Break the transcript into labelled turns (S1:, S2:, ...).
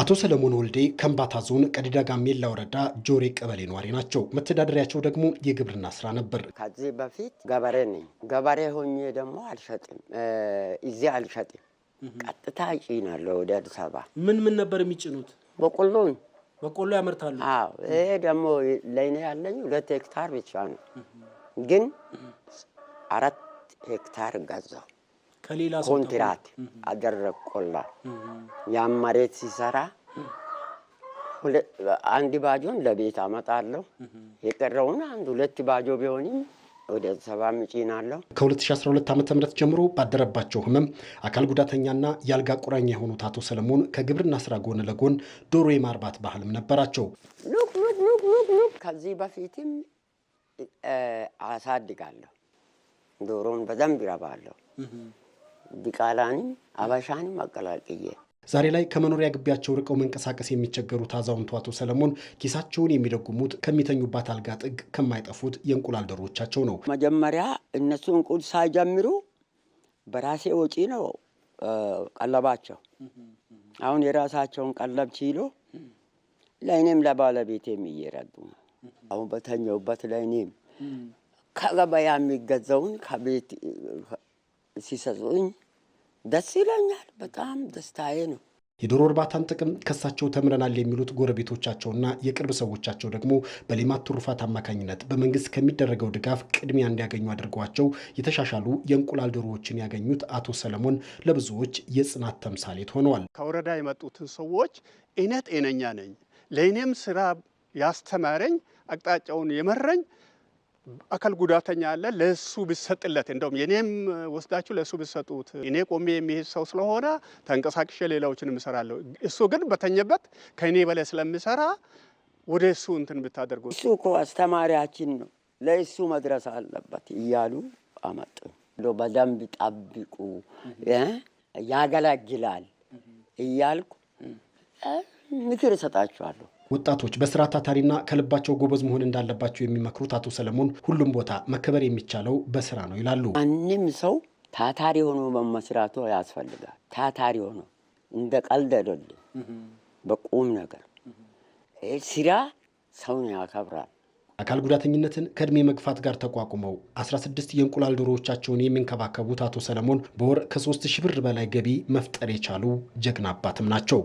S1: አቶ ሰለሞን ወልዴ ከምባታ ዞን ቀዲዳ ጋሜላ ወረዳ ጆሬ ቀበሌ ነዋሪ ናቸው። መተዳደሪያቸው ደግሞ የግብርና ስራ ነበር።
S2: ከዚህ በፊት ገበሬ ነኝ። ገበሬ ሆኜ ደግሞ አልሸጥም፣ እዚህ አልሸጥም፣ ቀጥታ እጭናለሁ ወደ አዲስ አበባ።
S1: ምን ምን ነበር የሚጭኑት? በቆሎ በቆሎ ያመርታሉ።
S2: ይሄ ደግሞ ለእኔ ያለኝ ሁለት ሄክታር ብቻ ነው፣ ግን አራት ሄክታር ገዛው ኮንትራት አደረቆላ ያም መሬት ሲሰራ አንድ ባጆን ለቤት አመጣለሁ። የቀረውን አንድ ሁለት ባጆ ቢሆንም ወደ ሰባ ምጪን አለው።
S1: ከ2012 ዓ ም ጀምሮ ባደረባቸው ህመም አካል ጉዳተኛና የአልጋ ቁራኛ የሆኑት አቶ ሰለሞን ከግብርና ስራ ጎን ለጎን ዶሮ የማርባት ባህልም ነበራቸው።
S2: ከዚህ በፊትም አሳድጋለሁ። ዶሮን በደንብ ይረባለሁ። ዲቃላንም አባሻንም አቀላቅዬ
S1: ዛሬ ላይ ከመኖሪያ ግቢያቸው ርቀው መንቀሳቀስ የሚቸገሩት አዛውንቱ አቶ ሰለሞን ኪሳቸውን የሚደጉሙት ከሚተኙባት አልጋ ጥግ ከማይጠፉት የእንቁላል ደሮቻቸው ነው።
S2: መጀመሪያ እነሱ እንቁል ሳይጀምሩ በራሴ ወጪ ነው ቀለባቸው። አሁን የራሳቸውን ቀለብ ችሎ ለእኔም ለባለቤቴም እየረዱ ነው። አሁን በተኛውበት ለእኔም ከገበያ የሚገዛውን ከቤት ሲሰጡኝ ደስ ይለኛል። በጣም ደስታዬ ነው።
S1: የዶሮ እርባታን ጥቅም ከሳቸው ተምረናል የሚሉት ጎረቤቶቻቸውና የቅርብ ሰዎቻቸው ደግሞ በሌማት ትሩፋት አማካኝነት በመንግስት ከሚደረገው ድጋፍ ቅድሚያ እንዲያገኙ አድርጓቸው የተሻሻሉ የእንቁላል ዶሮዎችን ያገኙት አቶ ሰለሞን ለብዙዎች የጽናት ተምሳሌት ሆነዋል። ከወረዳ የመጡትን ሰዎች እኔ ጤነኛ ነኝ፣ ለእኔም ስራ ያስተማረኝ አቅጣጫውን የመረኝ አካል ጉዳተኛ አለ ለሱ ብሰጥለት እንደውም የኔም ወስዳችሁ ለሱ ብሰጡት እኔ ቆሜ የሚሄድ ሰው ስለሆነ ተንቀሳቅሼ ሌላዎችን እሰራለሁ። እሱ ግን በተኘበት ከእኔ በላይ ስለምሰራ ወደ እሱ እንትን ብታደርጉ
S2: እሱ እኮ አስተማሪያችን ነው፣ ለእሱ መድረስ አለበት እያሉ አመጡ። በደንብ ጠብቁ ያገለግላል እያልኩ ምክር እሰጣችኋለሁ።
S1: ወጣቶች በስራ ታታሪና ከልባቸው ጎበዝ መሆን እንዳለባቸው የሚመክሩት አቶ ሰለሞን ሁሉም ቦታ መከበር የሚቻለው በስራ ነው ይላሉ።
S2: ማንም ሰው ታታሪ ሆኖ በመስራቱ ያስፈልጋል። ታታሪ ሆኖ እንደ ቀልድ አይደለም፣ በቁም ነገር ስራ ሰውን ያከብራል።
S1: አካል ጉዳተኝነትን ከእድሜ መግፋት ጋር ተቋቁመው 16 የእንቁላል ዶሮዎቻቸውን የሚንከባከቡት አቶ ሰለሞን በወር ከ3000 ብር በላይ ገቢ መፍጠር የቻሉ ጀግና አባትም ናቸው።